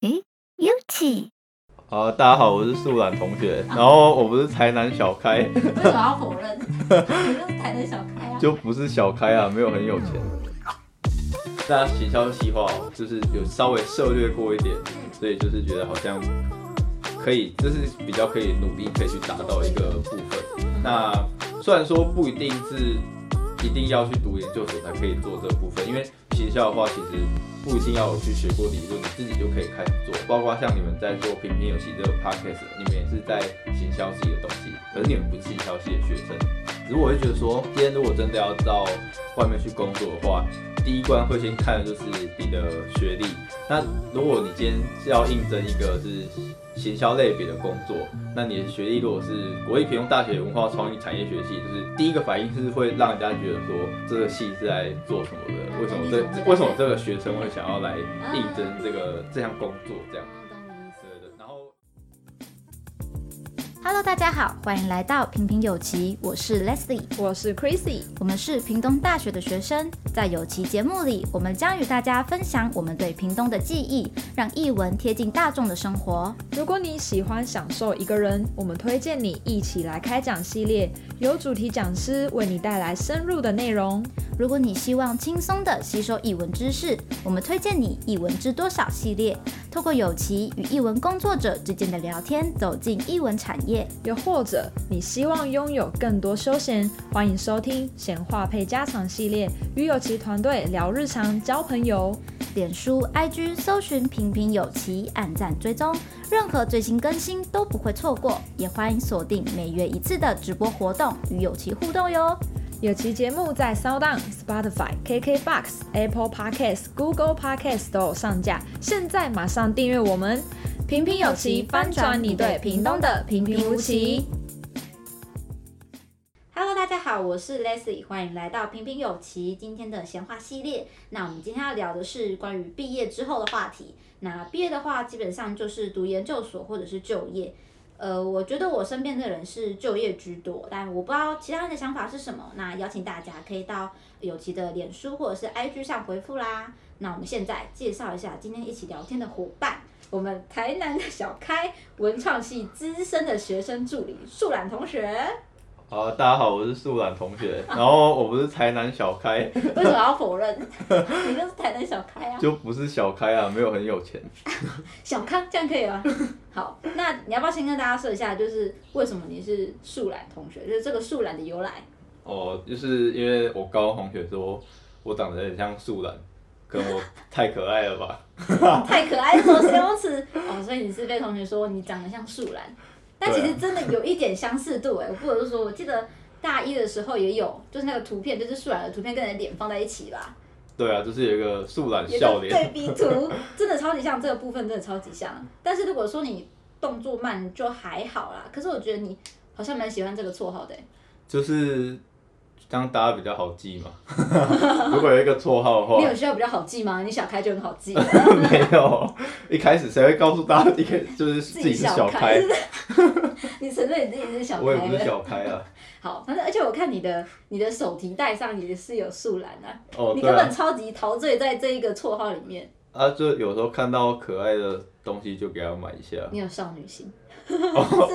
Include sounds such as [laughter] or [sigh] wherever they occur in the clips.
誒尤其。好，大家好，我是樹懶同學，然後我不是台南小開，為什麼要否認？哈 [laughs] 你就是台南小開啊，就不是小開啊，沒有很有錢。 [laughs] 大家行銷企劃哦，就是有稍微涉略過一點，所以就是覺得好像可以，就是比較可以努力可以去達到一個部分。那雖然說不一定是一定要去讀研究所才可以做這個部分，因為。學校的話，其實不一定要有去學過理論，你自己就可以開始做。包括像你們在做屏屏有奇這個 podcast，你們也是在行銷自己的東西。可是你們不是行銷系的學生，如果我就覺得說，今天如果真的要到外面去工作的話，第一關會先看的就是你的學歷。那如果你今天是要應徵一個、就是。行銷類別的工作，那你的學歷如果是國立屏東大學文化創意產業學系，就是第一個反應是會讓人家覺得說這個系是來做什麼的，為什麼這、哎、什麼為什麼這個學生會想要來應徵這個、啊、這項工作這樣？Hello，大家好，歡迎來到屏屏有奇，我是 Leslie，我是 Crazy，我們是屏東大學的學生，在有奇節目裡，我們將與大家分享我們對屏東的記憶，讓藝文貼近大眾的生活。如果你喜歡享受一個人，我們推薦你一起來開講系列，由主題講師為你帶來深入的內容。如果你希望輕鬆地吸收藝文知識，我們推薦你藝文知多少系列，透過有奇與藝文工作者之間的聊天，走進藝文產業。又或者你希望擁有更多休閒，歡迎收聽閒話配家常系列，與有奇團隊聊日常、交朋友。臉書、IG 搜尋屏屏有奇，按讚追蹤，任何最新更新都不會錯過。也歡迎鎖定每月一次的直播活動，與有奇互動喲。有奇節目在 SoundOn、Spotify、KKbox、Apple Podcasts、Google Podcasts 都有上架，現在馬上訂閱我們。屏屏有奇，翻轉你對屏東的平平無奇。Hello，大家好，我是 Leslie，歡迎來到屏屏有奇今天的閒話系列。那我們今天要聊的是關於畢業之後的話題。那畢業的話，基本上就是讀研究所或者是就業。呃，我覺得我身邊的人是就業居多，但我不知道其他人的想法是什麼。那邀請大家可以到有奇的臉書或者是 IG 上回覆啦。那我們現在介紹一下今天一起聊天的伙伴。我們台南的小開、文創系資深的學生助理樹懶同學，好、啊，大家好，我是樹懶同學， [laughs] 然後我不是台南小開。為什麼要否認？ [laughs] [laughs] 你就是台南小開啊？就不是小開啊，沒有很有錢， [laughs] 啊、小康這樣可以嗎？ [laughs] 好，那你要不要先跟大家說一下，就是為什麼你是樹懶同學，就是這個樹懶的由來？哦，就是因為我高中同學說我長得很像樹懶。跟我太可愛了吧！ [laughs] [laughs] 太可愛了，形容詞哦，所以你是被同學說你長得像樹懶， [laughs] 但其實真的有一點相似度，哎、欸。或者、啊、是說我記得大一的時候也有，就是那個圖片，就是樹懶的圖片跟你的臉放在一起吧。對啊，就是有一個樹懶笑臉對比圖，真的超級像這個部分，真的超級像。但是如果說你動作慢就還好啦，可是我覺得你好像蠻喜歡這個綽號的、欸，就是。這樣大家比較好記嘛。 [laughs] 如果有一個綽號的話， [laughs] 你有需要比較好記嗎？你小開就很好記。 [laughs] [laughs] 沒有，一開始誰會告訴大家？一開始就是自己是小開。 [laughs] [laughs] 你承認你自己是小開？ [laughs] 我也不是小開啊。 [laughs] 好，反正而且我看你的你的手提袋上也是有樹懶啊。哦，對啊。你根本超級陶醉在這一個綽號裡面。啊，就有時候看到可愛的東西就給他買一下。你有少女心。 [laughs] 是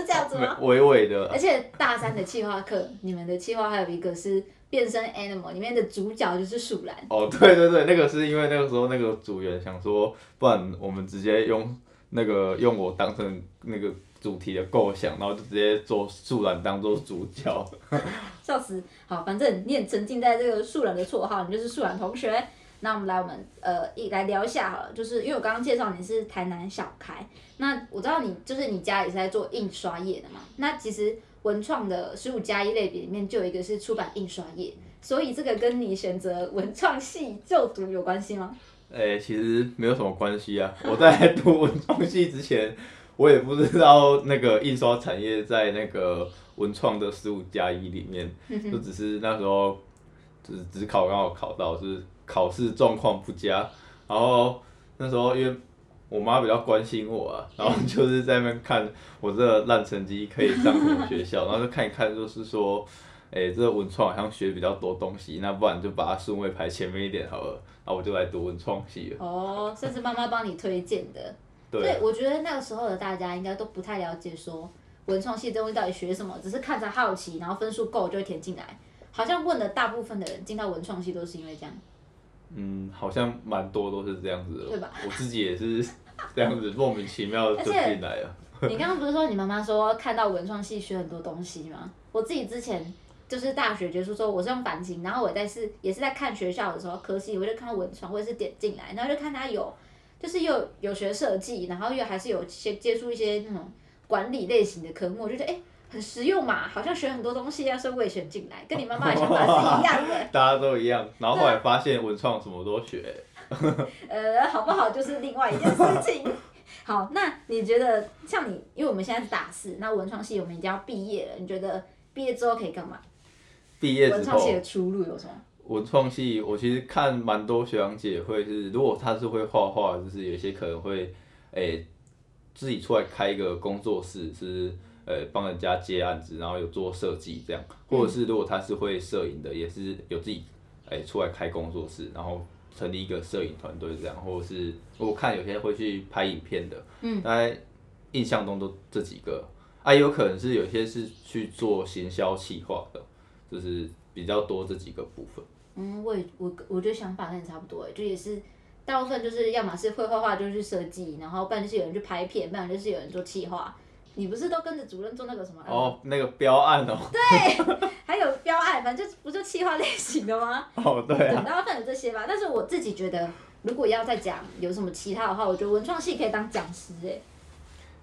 這樣子嗎？偉偉的、啊，而且大三的企劃課， [laughs] 你們的企劃還有一個是變身 Animal 裡面的主角就是樹懶。哦、oh，對對對，那個是因為那個時候那個組員想說，不然我們直接用那個用我當成那個主題的構想，然後就直接做樹懶當做主角。笑死， [laughs] 好，反正你也沉浸在這個樹懶的綽號，你就是樹懶同學。那我們來，我們呃，一來聊一下好了。就是因為我剛剛介紹你是台南小開，那我知道你就是你家也是在做印刷業的嘛。那其實文創的十五加一類別裡面就有一個是出版印刷業，所以這個跟你選擇文創系就讀有關係嗎？哎、欸，其實沒有什麼關係啊。我在讀文創系之前， [laughs] 我也不知道那個印刷產業在那個文創的十五加一裡面， [laughs] 就只是那時候只只考剛好考到是。考試狀況不佳，然後那時候因為我媽比較關心我啊，然後就是在那邊看我這個爛成績可以上學校， [laughs] 然後就看一看，就是說，哎、欸，這個文創好像學比較多東西，那不然就把它順位排前面一點好了，那我就來讀文創系了。哦、oh，甚至媽媽幫你推薦的。 [laughs] 對，我覺得那個時候的大家應該都不太了解說文創系這東西到底學什麼，只是看着好奇，然後分數夠就會填進來。好像問的大部分的人進到文創系都是因為這樣。嗯，好像蠻多都是這樣子的，對吧？我自己也是這樣子莫名其妙的就進來了。 [laughs] 你剛剛不是說你媽媽說看到文創系學很多東西嗎？我自己之前就是大學結束之後，我是用繁星，然後我在是也是在看學校的時候科系，我就看到文創也是點進來，然後就看他有就是又有,有學設計，然後又還是有接接觸一些那種管理類型的科目，就覺得哎。欸很實用嘛，好像學很多東西啊，所以我也選進來，跟你媽媽的想法是一樣。 [laughs] 大家都一樣，然後後來發現文創什麼都學。 [laughs] 呃，好不好就是另外一件事情。 [laughs] 好，那你覺得像你，因為我們現在是大四，那文創系我們已經要畢業了，你覺得畢業之後可以幹嘛？畢業之後文創系的出路有什麼？文創系我其實看蠻多學長姐會是，如果他是會畫畫，就是有些可能會哎、欸、自己出來開一個工作室是。呃、欸，幫人家接案子，然後有做設計這樣，或者是如果他是會攝影的、嗯，也是有自己哎、欸、出來開工作室，然後成立一個攝影團隊這樣，或者是我看有些會去拍影片的，嗯，大概印象中都這幾個啊，有可能是有些是去做行銷企劃的，就是比較多這幾個部分。嗯，我也我我覺得想法跟你差不多哎，就也是大部分就是要麼是會畫畫就去設計，然後不然就是有人去拍片，不然就是有人做企劃。你不是都跟着主任做那個什麼？哦、oh,，那個標案哦。 [laughs] 對，還有標案，反正就不就企劃類型的嗎？哦、oh,，對、啊。等到分有這些吧。但是我自己覺得，如果要再講有什麼其他的話，我覺得文創系可以當講師哎、欸。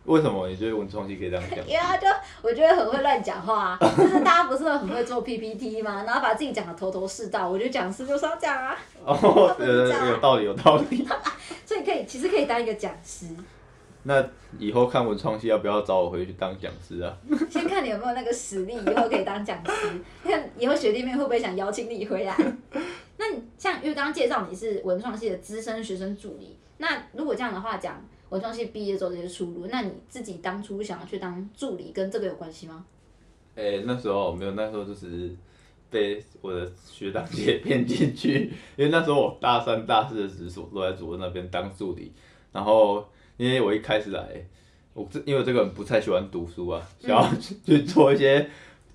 為什麼你覺得文創系可以當講師？ [laughs] 因為他就我覺得很會亂講話、啊， [laughs] 但是大家不是很會做 P P T 嗎？然後把自己講的頭頭是道，我覺得講師就要講啊。哦、oh, 啊，有道理，有道理。 [laughs] 所以可以，其實可以當一個講師。那以後看文創系要不要找我回去當講師啊？先看你有沒有那個實力，以後可以當講師。 [laughs] 看以後學弟妹會不會想邀請你回來？ [laughs] 那你像因為剛剛介紹你是文創系的資深學生助理，那如果這樣的話講，文創系畢業之後這些出路，那你自己當初想要去當助理跟這個有關係嗎？誒、欸，那時候沒有，那時候就是被我的學長姐騙進去，因為那時候我大三大四的時候都在主任那邊當助理，然後。因為我一開始來，我這因為這個人不太喜歡讀書啊，嗯、想要去做一些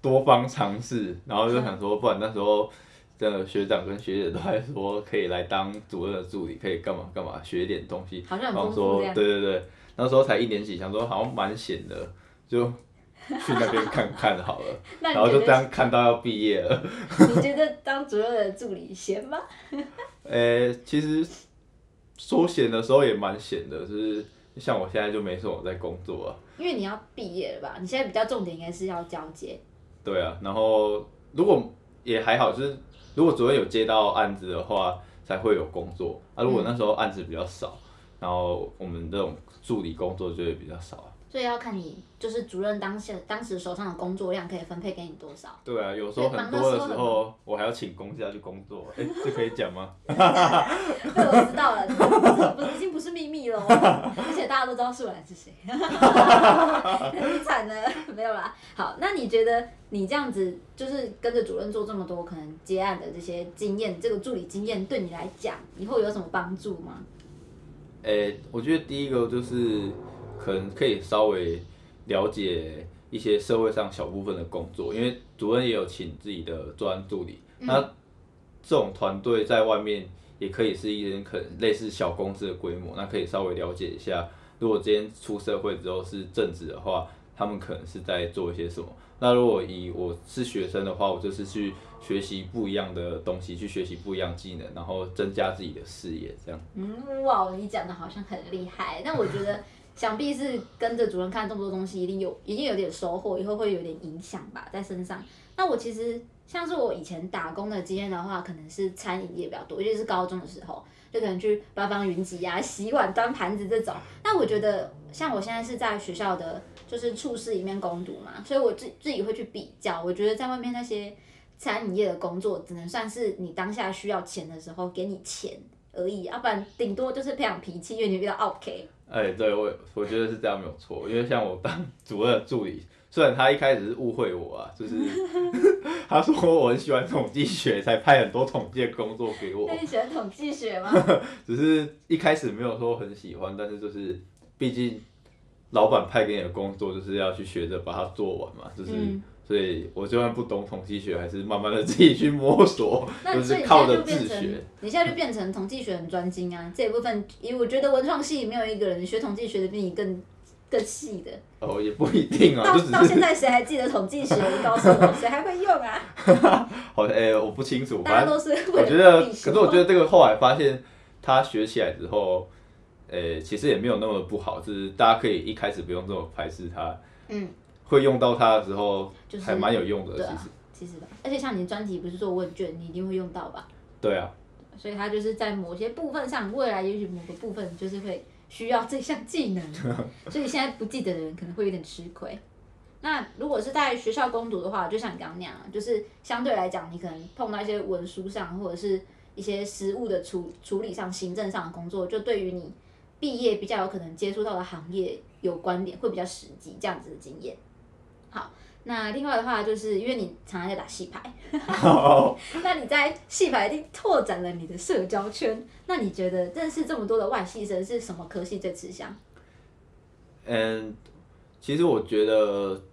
多方嘗試，然後就想說，不然那時候的學長跟學姐都還說可以來當主任的助理，可以幹嘛幹嘛學一點東西，好像很工資這樣。然後說，對對對，那時候才一年級，想說好像蠻閒的，就去那邊看看好了。 [laughs] 然後就這樣看到要畢業了。 [laughs] 你覺得當主任的助理閒嗎？呃、 [laughs] 欸，其實說閒的時候也蠻閒的，就是。就像我現在就沒什麼在工作了，因為你要畢業了吧？你現在比較重點應該是要交接。對啊，然後如果也還好，就是如果昨天有接到案子的話，才會有工作啊。如果那時候案子比較少，嗯，然後我們這種助理工作就會比較少。所以要看你就是主任當下當時手上的工作量，可以分配給你多少？對啊，有時候很多的時候， [music] 我還要請公假去工作，這、欸、 [laughs] 可以講嗎？這 [laughs] [laughs] 我知道了，不是不是，已經不是秘密了，而且大家都知道樹懶是誰，很慘。的沒有啦。好，那你覺得你這樣子就是跟着主任做這麼多可能接案的這些經驗，這個助理經驗對你來講以後有什麼幫助嗎？誒、欸，我覺得第一個就是。可能可以稍微了解一些社會上小部分的工作，因為主任也有請自己的專案助理、嗯。那這種團隊在外面也可以是一人，可能類似小公司的規模。那可以稍微了解一下，如果今天出社會之後是正職的話，他們可能是在做一些什麼。那如果以我是學生的話，我就是去學習不一樣的東西，去學習不一樣技能，然後增加自己的視野。這樣。嗯，哇，你講的好像很厲害，但我覺得。 [laughs] 想必是跟着主任看這麼多東西，一定有，一定有點收穫，以後會有點影響吧，在身上。那我其實像是我以前打工的經驗的話，可能是餐飲業比較多，尤其是高中的時候，就可能去八方雲集啊、洗碗、端盤子這種。那我覺得，像我現在是在學校的就是處室裡面工讀嘛，所以我自自己會去比較。我覺得在外面那些餐飲業的工作，只能算是你當下需要錢的時候給你錢。而已，要、啊、不然頂多就是培養脾氣，因為你比較 ok。哎、欸，對我，我覺得是這樣沒有錯，因為像我當主任的助理，雖然他一開始是誤會我啊，就是 [laughs] 他說我很喜歡統計學，才派很多統計工作給我。那 [laughs] 你喜歡統計學嗎？只 [laughs] 是一開始沒有說很喜歡，但是就是畢竟老闆派給你的工作，就是要去學着把它做完嘛，就是。嗯所以我就算不懂統計學，還是慢慢的自己去摸索， [laughs] 就是靠著自學。那所以就變成， [laughs] 你現在就變成統計學很專精啊，這一部分，因為我覺得文創系沒有一個人學統計學的比你更更細的。哦，也不一定啊。到、就是、到現在誰還記得統計學？我 [laughs] 告訴我，誰還會用啊？ [laughs] [laughs] 好像哎、欸，我不清楚。 [laughs] 大家都是我覺得，可是我覺得這個後來發現，他學起來之後，哎、欸，其實也沒有那麼不好，就是大家可以一開始不用這麼排斥他。嗯。會用到它的時候、就是，還蠻有用的。啊、其實，其實吧，而且像你的專輯不是做問卷，你一定會用到吧？對啊。所以它就是在某些部分上，未來也許某個部分就是會需要這項技能。 [laughs] 所以現在不記得的人可能會有點吃虧。那如果是在學校攻讀的話，就像你剛剛那樣，就是相對來講，你可能碰到一些文書上，或者是一些實務的處處理上、行政上的工作，就對於你畢業比較有可能接觸到的行業有關聯，會比較實際這樣子的經驗。好，那另外的話就是因為你常常在打系排，那、oh, oh. [laughs] 你在系排裡拓展了你的社交圈。那你覺得認識這麼多的外系生，是什麼科系最吃香？嗯，其實我覺得，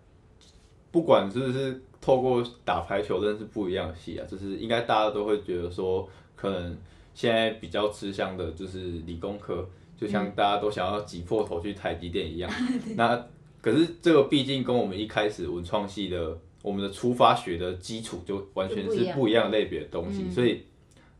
不管是不是透過打排球認識不一樣的系啊，就是應該大家都會覺得說，可能現在比較吃香的就是理工科，mm -hmm. 就像大家都想要擠破頭去台積電一樣， [laughs] 那。可是這個畢竟跟我們一開始文創系的我們的出發學的基礎就完全是不一樣類別的東西，所以，誒、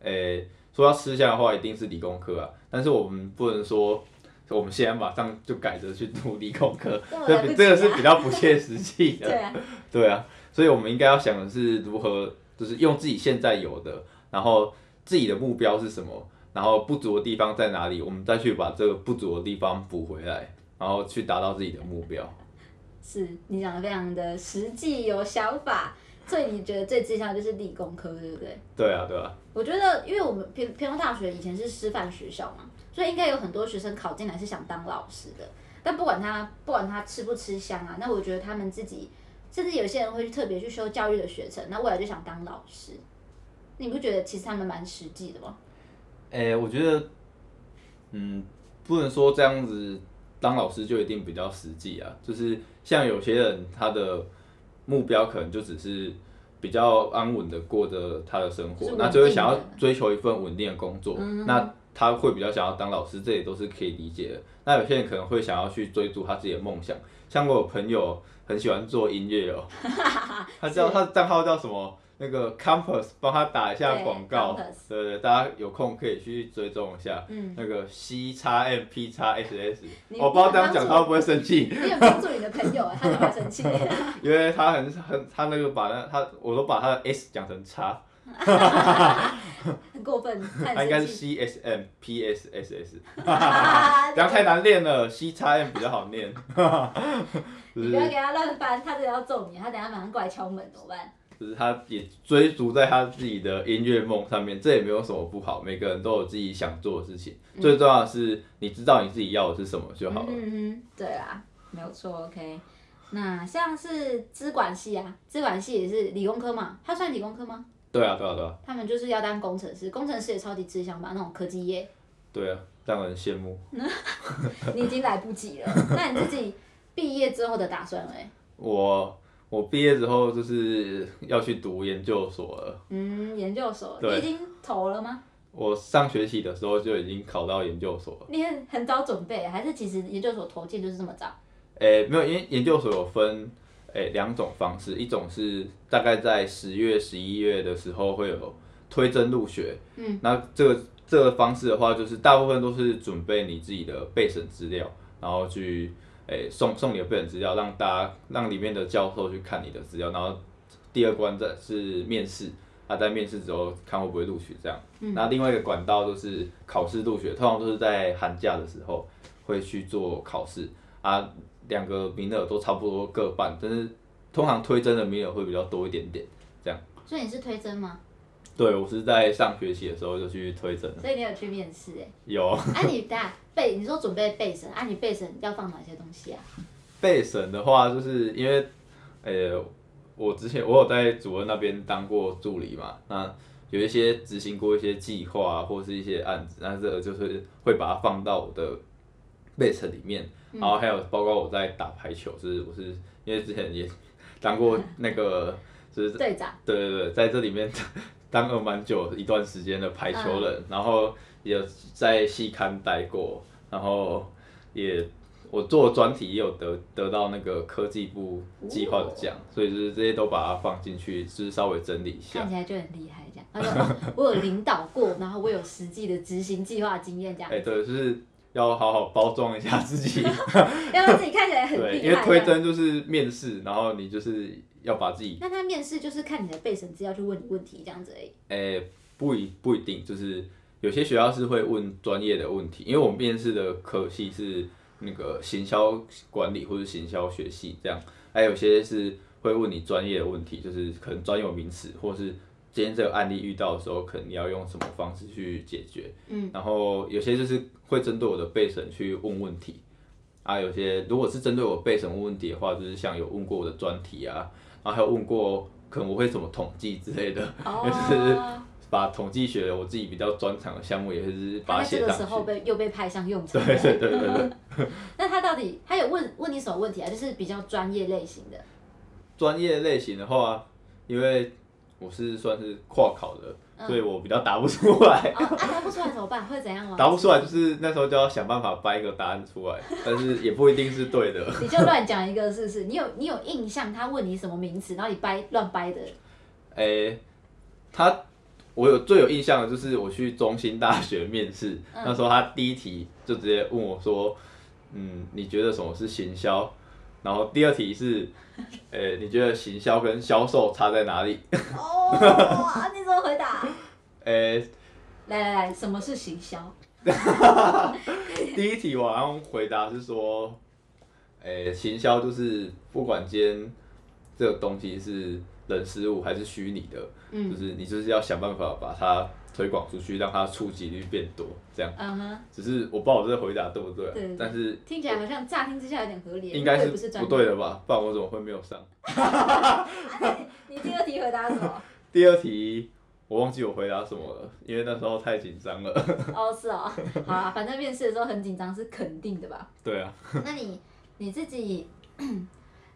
欸，說要吃香的話，一定是理工科啊。但是我們不能說我們現在馬上就改着去讀理工科，這這個是比較不切實際的。 [laughs] 對啊 [laughs] 對啊，所以我們應該要想的是如何，就是用自己現在有的，然後自己的目標是什麼，然後不足的地方在哪裡，我們再去把這個不足的地方補回來。然後去達到自己的目標，是你講的非常的實際有、哦、想 [laughs] 法，所以你覺得最志向就是理工科，對不對？對啊，對啊。我覺得，因為我們平平大學以前是師範學校嘛，所以應該有很多學生考進來是想當老師的。但不管他不管他吃不吃香啊，那我覺得他們自己，甚至有些人會去特別去修教育的學程，那未來就想當老師。你不覺得其實他們蠻實際的嗎？哎、欸，我覺得，嗯，不能說這樣子。當老師就一定比較實際啊，就是像有些人他的目標可能就只是比較安穩的過着他的生活的，那就會想要追求一份穩定的工作，嗯，那他會比較想要當老師，這也都是可以理解的。那有些人可能會想要去追逐他自己的夢想，像我有朋友很喜歡做音樂哦， [laughs] 他叫他的賬號叫什麼？那個 Compass 幫他打一下廣告，對, Campus、對,對對？大家有空可以去追蹤一下。嗯、那個 C 叉 M P 叉 S S，我不知道這樣講他會不會生氣。你有幫助 [laughs] 你,你的朋友，啊，他就會生氣。 [laughs] 因為他很很他那個把那他我都把他的 S 講成叉， [laughs] [laughs] 很過分。他, [laughs] 他應該是 C S M P S S S。哈哈哈哈這樣太難練了，C 叉 M 比較好念。哈 [laughs] 哈不要給他亂翻，他就要揍你。他等下馬上過來敲門，怎麼辦？只是他也追逐在他自己的音樂夢上面，這也沒有什麼不好。每個人都有自己想做的事情，嗯、最重要的是你知道你自己要的是什麼就好了。嗯嗯，對啦、啊，沒有錯，OK。那像是資管系啊，資管系也是理工科嘛，他算理工科嗎？對啊，對啊，對啊。他們就是要當工程師，工程師也超級吃香嘛，那種科技業。對啊，讓人羨慕。 [laughs] 你已經來不及了。 [laughs] 那你自己畢業之後的打算嘞、欸？我。我畢業之後就是要去讀研究所了。嗯，研究所，對，你已經投了嗎？我上學期的時候就已經考到研究所了。你很、很早準備，還是其實研究所投件就是這麼早？誒，沒有，因為研究所有分誒，兩種方式，一種是大概在十月、十一月的時候會有推甄入學，嗯，那這個這個方式的話，就是大部分都是準備你自己的備審資料，然後去。哎，送送你的備審資料，讓大家讓裡面的教授去看你的資料，然後第二關則是面試，他、啊、在面試之後看會不會錄取這樣。那、嗯、另外一個管道就是考試入學，通常都是在寒假的時候會去做考試啊。兩個名額都差不多各半，但是通常推甄的名額會比較多一點點，這樣。所以你是推甄嗎？對，我是在上學期的時候就去推甄了，所以你有去面試哎、欸？有。哎、啊，你等一下，備？你說準備備審啊？你備審要放哪些東西啊？備審的話，就是因為，呃、欸，我之前我有在主任那邊當過助理嘛，那有一些執行過一些計劃、啊、或是一些案子，那這個就是會把它放到我的備審裡面、嗯，然後還有包括我在打排球，就是我是因為之前也當過那個 [laughs] 就是隊長。對對對，在這裡面。當了蠻久的一段時間的排球人，啊、然後也在系刊待過，然後也我做專題也有得得到那個科技部計劃的獎哦哦，所以就是這些都把它放進去，就是稍微整理一下。看起來就很厲害，這樣、 [laughs] 哦。我有領導過，然後我有實際的執行計劃經驗，這樣。哎，對，就是要好好包裝一下自己， [laughs] [laughs] 要讓自己看起來很厲害。因為推甄就是面試， [laughs] 然後你就是。要把自己，那他面試就是看你的背審資料去問你問題這樣子。誒，誒、欸，不一不一定，就是有些學校是會問專業的問題，因為我們面試的科系是那個行銷管理或者行銷學系這樣，還有些是會問你專業的問題，就是可能專有名詞或是今天這個案例遇到的時候，可能你要用什麼方式去解決，嗯，然後有些就是會針對我的背審去問問題，啊，有些如果是針對我背審問問題的話，就是像有問過我的專題啊。然、啊、後還有問過，可能我會怎麼統計之類的，Oh. 就是把統計學我自己比較專長的項目，也是發現，的這個時候被又被派上用場了。對對對對對 [laughs] 那他到底他有問問你什麼問題啊？就是比較專業類型的。專業類型的話，因為我是算是跨考的。所以我比較答不出來，嗯哦啊。答不出來怎麼辦？會怎樣呢？答不出來就是那時候就要想辦法掰一個答案出來， [laughs] 但是也不一定是對的。你就亂講一個，是不是？你有你有印象，他問你什麼名詞，然後你掰亂掰的。誒、欸，他，我有最有印象的就是我去中興大學面試，嗯，那時候他第一題就直接問我說：“嗯，你覺得什麼是行銷？”然後第二題是，誒，你覺得行銷跟銷售差在哪裡？哦，你怎麼回答？誒，來來來，什麼是行銷？第一題我要回答是說，誒，行銷就是不管今天這個東西是人事物還是虛擬的，嗯，就是你就是要想辦法把它。推廣出去，讓它觸及率變多，這樣。嗯哼。只是我不知道我這個回答對不對啊？對，對，對。但是。聽起來好像乍聽之下有點合理。應該是不對的吧？不然我怎麼會沒有上？ [laughs] [laughs] 你第二題回答什麼？ [laughs] 第二題我忘記我回答什麼了，因為那時候太緊張了。哦、 [laughs] oh，是哦。好啊，反正面試的時候很緊張是肯定的吧？對啊。 [laughs] 那你你自己？ [coughs]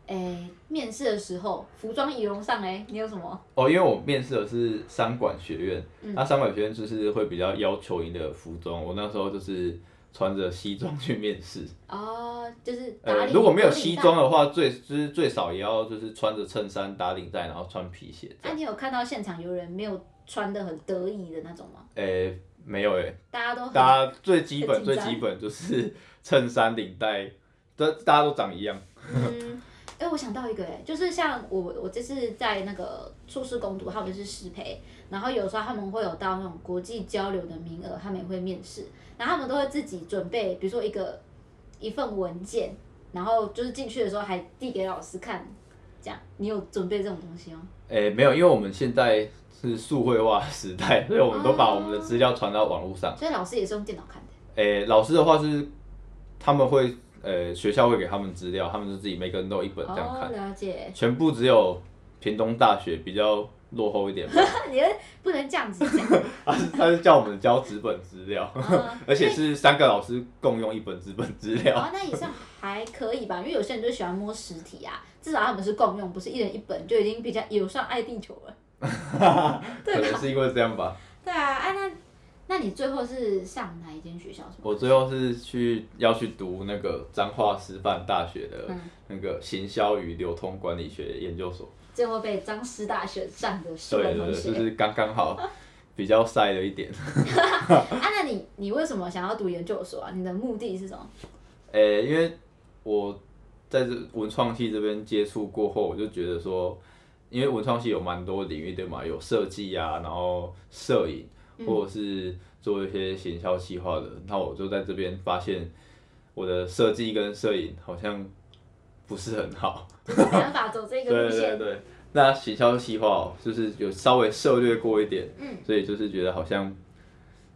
哎、欸，面試的時候，服裝儀容上哎，你有什麼？哦，因為我面試的是商管學院，那商管學院就是會比較要求你的服裝。我那時候就是穿着西裝去面試。哦，就是打領、欸、如果沒有西裝的話，最就是最少也要就是穿着襯衫、打領帶，然後穿皮鞋。那、啊、你有看到現場有人沒有穿的很得意的那種嗎？哎、欸，沒有哎、欸，大家都很大家最基本最基本就是襯衫領帶、領帶，但大家都長一樣。嗯哎，我想到一個哎，就是像我我這次在那個碩士工讀，他們是師培，然後有時候他們會有到那種國際交流的名額，他們也會面試，然後他們都會自己準備，比如說一個一份文件，然後就是進去的時候還遞給老師看，這樣你有準備這種東西嗎、哦？哎，沒有，因為我們現在是數位化時代，所以我們都把我們的資料傳到網絡上，啊、所以老師也是用電腦看的。哎，老師的話是他們會。呃、欸，學校會給他們資料，他們就自己每個人都有一本這樣看。Oh, 了解。全部只有屏東大學比較落後一點。 [laughs] 你不能這樣子講。他 [laughs] 是他是叫我們交紙本資料，嗯，而且是三個老師共用一本紙本資料。嗯 [laughs] 嗯、啊那也算還可以吧，因為有些人就喜歡摸實體啊，至少他們是共用，不是一人一本，就已經比較友善愛地球了。對 [laughs] 可能是因為這樣吧。 [laughs] 對啊，哎、啊啊、那。那你最後是上哪一間學校？我最後是去要去讀那個彰化師範大學的那個行銷與流通管理學的研究所。嗯、最後被彰師大選上的學學，對對對，就是剛剛、就是、好，比較賽了一點。 [laughs] [laughs] 啊，那你你為什麼想要讀研究所啊？你的目的是什麼？欸、因為我在這文創系這邊接觸過後，我就覺得說，因為文創系有蠻多領域對嘛，有設計啊，然後攝影。或者是做一些行銷企劃的、嗯，那我就在這邊發現我的設計跟攝影好像不是很好， [laughs] 想法走這個路線，對對對。那行銷企劃就是有稍微涉略過一點、嗯，所以就是覺得好像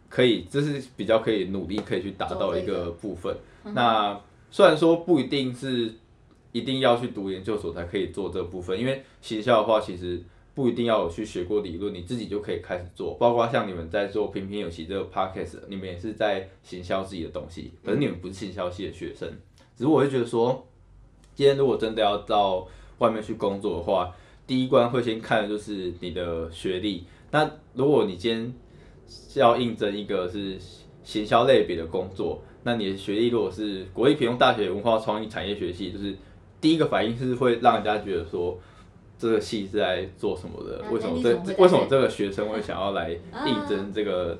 可以，這、就是比較可以努力可以去達到一個部分、這個，嗯。那雖然說不一定是一定要去讀研究所才可以做這個部分，因為行銷的話其實。不一定要有去學過理論，你自己就可以開始做。包括像你們在做《屏屏有奇》這個 podcast，你們也是在行銷自己的東西，可是你們不是行銷系的學生。只是我會覺得說，今天如果真的要到外面去工作的話，第一關會先看的就是你的學歷。那如果你今天要應徵一個是行銷類別的工作，那你的學歷如果是國立屏東大學文化創意產業學系，就是第一個反應是會讓人家覺得說。這個系是來做什麼的？為什麼這、為什麼這個學生會想要來應徵這個、啊、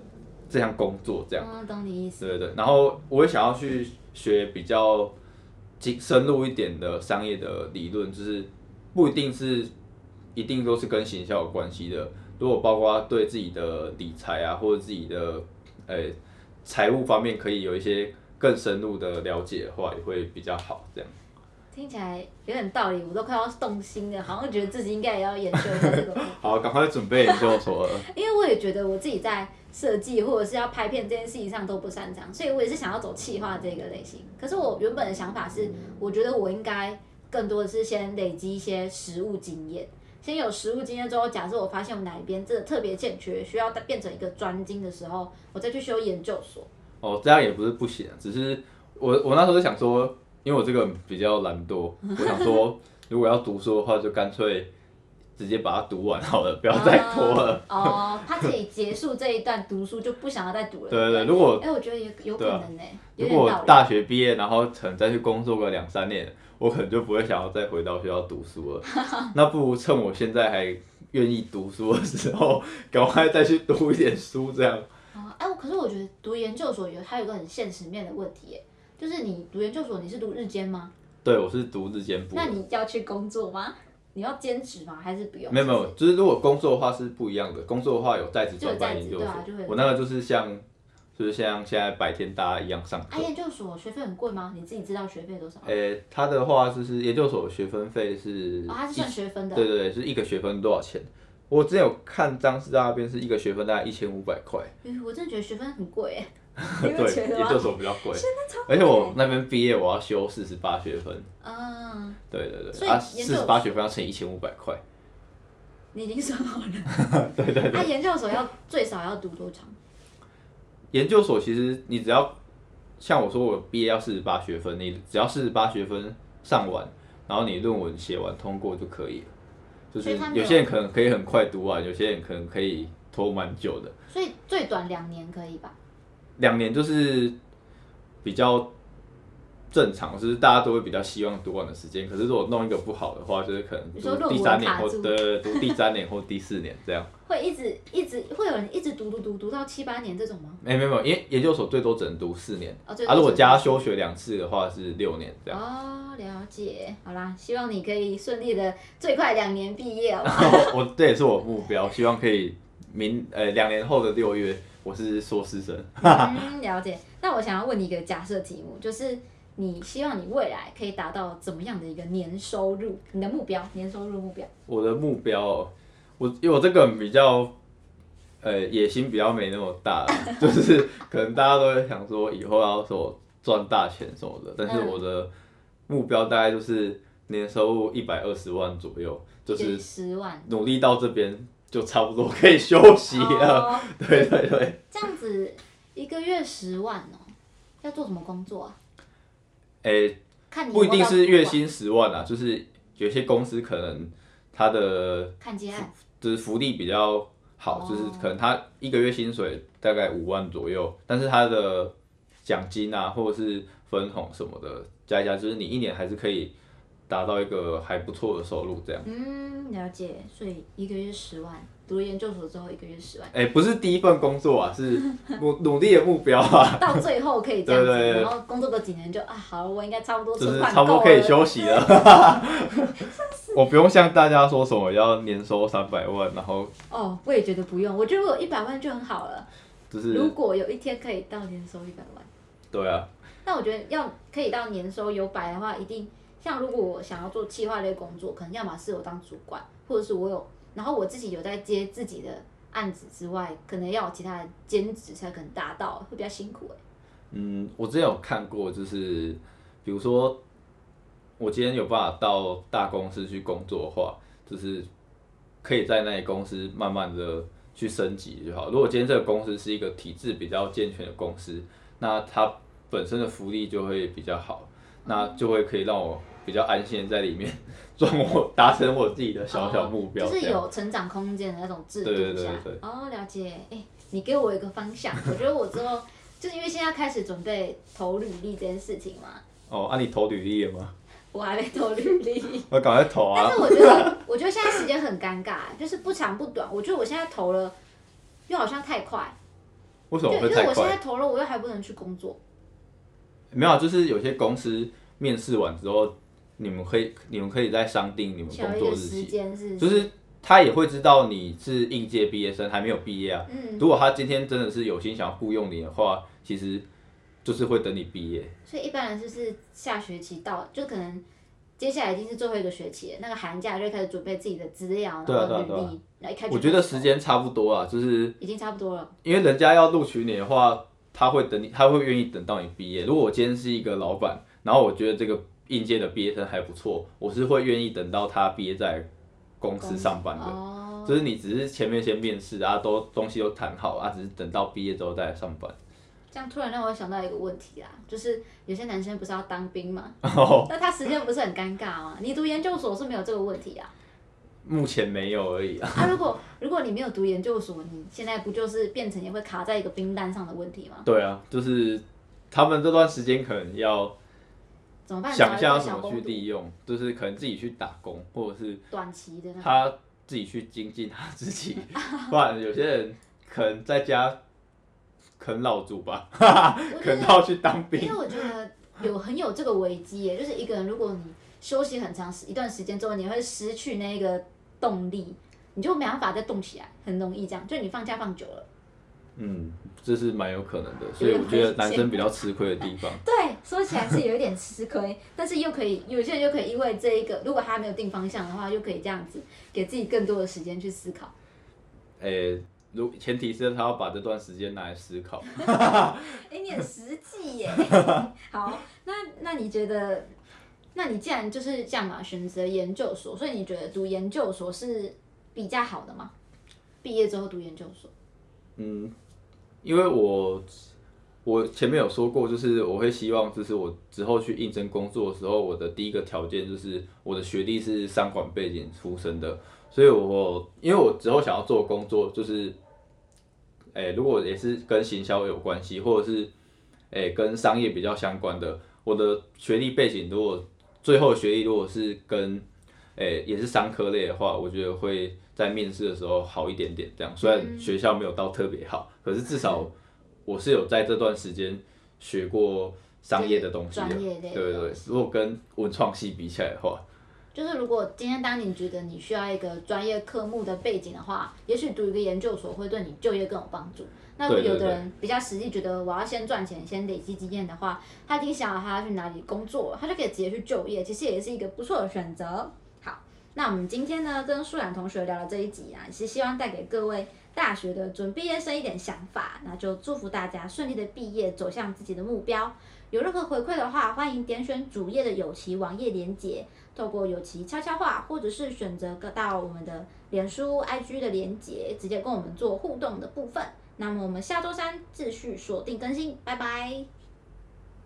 這項工作？這樣、啊，懂你意思。對對對，然後我也想要去學比較深入一點的商業的理論，就是不一定是一定都是跟行銷有關係的。如果包括對自己的理財啊，或者自己的、哎、財務方面，可以有一些更深入的了解的話，也會比較好這樣。聽起來有點道理，我都快要動心了，好像覺得自己應該也要研究這個。 [laughs] 好，趕快準備研究所了 [laughs] 因為我也覺得我自己在設計或者是要拍片這件事情上都不擅長，所以我也是想要走企劃這個類型。可是我原本的想法是，我覺得我應該更多的是先累積一些實務經驗，先有實務經驗之後，假設我發現我哪一邊真的特別欠缺，需要變成一個專精的時候，我再去修研究所。哦，這樣也不是不行，只是我我那時候就想說。因為我這個比較懶惰， [laughs] 我想說，如果要讀書的話，就乾脆直接把它讀完好了，不要再拖了。哦，他可以結束這一段讀書， [laughs] 就不想要再讀了。對對，對，如果哎、欸，我覺得也有可能呢、欸啊，如果大學畢業，然後可能再去工作個兩三年，我可能就不會想要再回到學校讀書了。 [laughs] 那不如趁我現在還願意讀書的時候，趕快再去讀一點書，這樣。哦、uh, 欸，哎，我可是我覺得讀研究所有它有個很現實面的問題、欸就是你讀研究所，你是讀日間嗎？對，我是讀日間部。那你要去工作嗎？你要兼職嗎？還是不用？沒有沒有，就是如果工作的話是不一樣的。工作的話有在職專班在研究所。對啊、就會有。我那個就是像，就是像現在白天大家一樣上課、啊。研究所學費很貴嗎？你自己知道學費多少？誒、欸，他的話就是研究所學分費是。哦，它是算學分的。對對對，就是一個學分多少錢？我之前有看張師大那邊是一個學分大概一千五百塊。我真的覺得學分很貴、欸。有有啊、 [laughs] 對，研究所比較貴，而且我那邊畢業我要修四十八學分。嗯，對對對，所以所啊，四十八學分要乘一千五百塊。你已經算好了。 [laughs] 對對對。那、啊、研究所要最少要讀多長？ [laughs] 研究所其實你只要像我說，我畢業要四十八學分，你只要四十八學分上完，然後你論文寫完通過就可以了。就是有些人可能可以很快讀完，有些人可能可以拖蠻久的。所以最短兩年可以吧？兩年就是比較正常，就是大家都會比較希望讀完的時間。可是如果弄一個不好的話，就是可能讀第三年或對對對讀第三年或第四年 [laughs] 這樣。會一直一直會有人一直讀讀讀讀到七八年這種嗎？沒沒沒，因為研究所最多只能讀四年，他、哦啊、如果加休學兩次的話是六年這樣。哦，了解。好啦，希望你可以順利的最快兩年畢業哦。 [laughs] [laughs] 我這也是我目標，希望可以明呃兩年後的六月。我是碩士生、嗯，哈。了解。那我想要問你一個假設題目，就是你希望你未來可以達到怎麼樣的一個年收入？你的目標年收入目標？我的目標，我因為我這個比較，呃、欸，野心比較沒那麼大， [laughs] 就是可能大家都會想說以後要說賺大錢什麼的，但是我的目標大概就是年收入一百二十萬左右，就是十萬，努力到這邊。就差不多可以休息了，oh, 對對對。這樣子一個月十萬哦、喔，要做什麼工作啊？誒、欸，不一定是月薪十萬啊，就是有些公司可能他的看就是福利比較好，就是可能他一個月薪水大概五萬左右，oh. 但是他的獎金啊或者是分紅什麼的加一加，就是你一年還是可以。達到一個還不錯的收入，這樣。嗯，了解。所以一個月十萬，讀了研究所之後一個月十萬。哎、欸，不是第一份工作啊，是努努力的目標啊。 [laughs] 到最後可以這樣子，對對對對，然後工作過幾年就啊，好了，我應該差不多、就是、差不多可以休息了。 [laughs] [laughs] [laughs] [laughs] 我不用向大家說什麼要年收三百萬，然後。哦，我也覺得不用，我覺得一百萬就很好了、就是。如果有一天可以到年收一百萬。對啊。那我覺得要可以到年收有百的話，一定。像如果我想要做企劃類工作，可能要嘛是我當主管，或者是我有，然後我自己有在接自己的案子之外，可能要有其他的兼職才可能達到，會比較辛苦。嗯，我之前有看過，就是比如說我今天有辦法到大公司去工作的話，就是可以在那些公司慢慢的去升級就好。如果今天這個公司是一個體制比較健全的公司，那它本身的福利就會比較好，那就會可以讓我。比較安心在裡面賺，我達成我自己的小小目標，哦，就是有成長空間的那種制度下。哦，了解。哎、欸，你給我一個方向，我覺得我之後 [laughs] 就是因為現在開始準備投履歷這件事情嘛。哦，啊，你投履歷了嗎？我還沒投履歷。我趕快投啊！但是我覺得，我覺得現在時間很尷尬，就是不長不短。我覺得我現在投了，又好像太快。為什麼我太快？因為我現在投了，我又還不能去工作，嗯。沒有，就是有些公司面試完之後。你們可以，你們可以在商定你們工作日期，時間是是就是他也會知道你是應屆畢業生，還沒有畢業啊、嗯。如果他今天真的是有心想雇傭你的話，其實就是會等你畢業。所以一般人就是下學期到，就可能接下來已經是最後一個學期了，那個寒假就開始準備自己的資料，對啊對啊對啊。我覺得時間差不多啊，就是已經差不多了，因為人家要錄取你的話，他會等你，他會願意等到你畢業。如果我今天是一個老闆、嗯，然後我覺得這個。應屆的畢業生還不錯，我是會願意等到他畢業在公司上班的。哦、就是你只是前面先面試，然後都東西都談好啊，只是等到畢業之後再來上班。這樣突然讓我想到一個問題啊，就是有些男生不是要當兵嗎？那、哦、他時間不是很尷尬嗎？你讀研究所是沒有這個問題啊。目前沒有而已啊。啊，如果如果你沒有讀研究所，你現在不就是變成也會卡在一個兵單上的問題嗎？對啊，就是他們這段時間可能要。怎麼辦，想一下怎麼去利用，就是可能自己去打工，或者是短期的。他自己去精進他自己，不然有些人可能在家啃老族吧，哈 [laughs] 哈，啃到去當兵。因為我覺得有很有這個危機耶，就是一個人如果你休息很長時一段時間之後，你會失去那個動力，你就沒辦法再動起來，很容易這樣。就你放假放久了，嗯，這是蠻有可能的，所以我覺得男生比較吃虧的地方。 [laughs] 對。說起來是有一點吃虧， [laughs] 但是又可以，有些人又可以因為這一個，如果他沒有定方向的話，又可以這樣子，給自己更多的時間去思考。誒、欸，如前提是他要把這段時間拿來思考。哎、 [laughs] 欸，你很實際耶，、欸。 [laughs] 好，那那你覺得，那你既然就是這樣嘛，、啊，選擇研究所，所以你覺得讀研究所是比較好的嗎？畢業之後讀研究所？嗯，因為我。我前面有說過，就是我會希望，就是我之後去應徵工作的時候，我的第一個條件就是我的學歷是商管背景出身的。所以，我因為我之後想要做工作，就是，誒，如果也是跟行銷有關係，或者是，誒，跟商業比較相關的，我的學歷背景，如果最後學歷如果是跟，誒，也是商科類的話，我覺得會在面試的時候好一點點。這樣，雖然學校沒有到特別好，可是至少、嗯。嗯我是有在這段時間學過商業的東西，對，專業類的，對對對。如果跟文創系比起來的話，就是如果今天當你覺得你需要一個專業科目的背景的話，也許讀一個研究所會對你就業更有幫助。那如果有的人比較實際，覺得我要先賺錢，對對對，先累積經驗的話，他已經想好他要去哪裡工作，他就可以直接去就業，其實也是一個不錯的選擇。好，那我們今天呢，跟樹懶同學聊了這一集啊，也是希望帶給各位。大學的準畢業生一點想法，那就祝福大家順利的畢業，走向自己的目標。有任何回饋的話，歡迎點選主頁的有奇網頁連結，透過有奇悄悄話，或者是選擇到我們的臉書 IG 的連結，直接跟我們做互動的部分。那麼我們下周三繼續鎖定更新，拜拜。